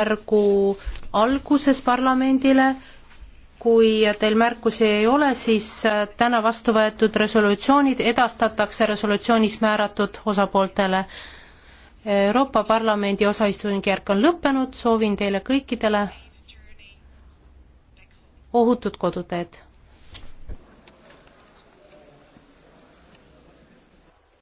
järgu alguses parlamendile. kui teil märkusi ei ole, siis äh, täna vastu võetud resolutsioonid edastatakse resolutsioonis määratud osapooltele. Euroopa Parlamendi osaistungjärk on lõppenud, soovin teile kõikidele ohutut koduteed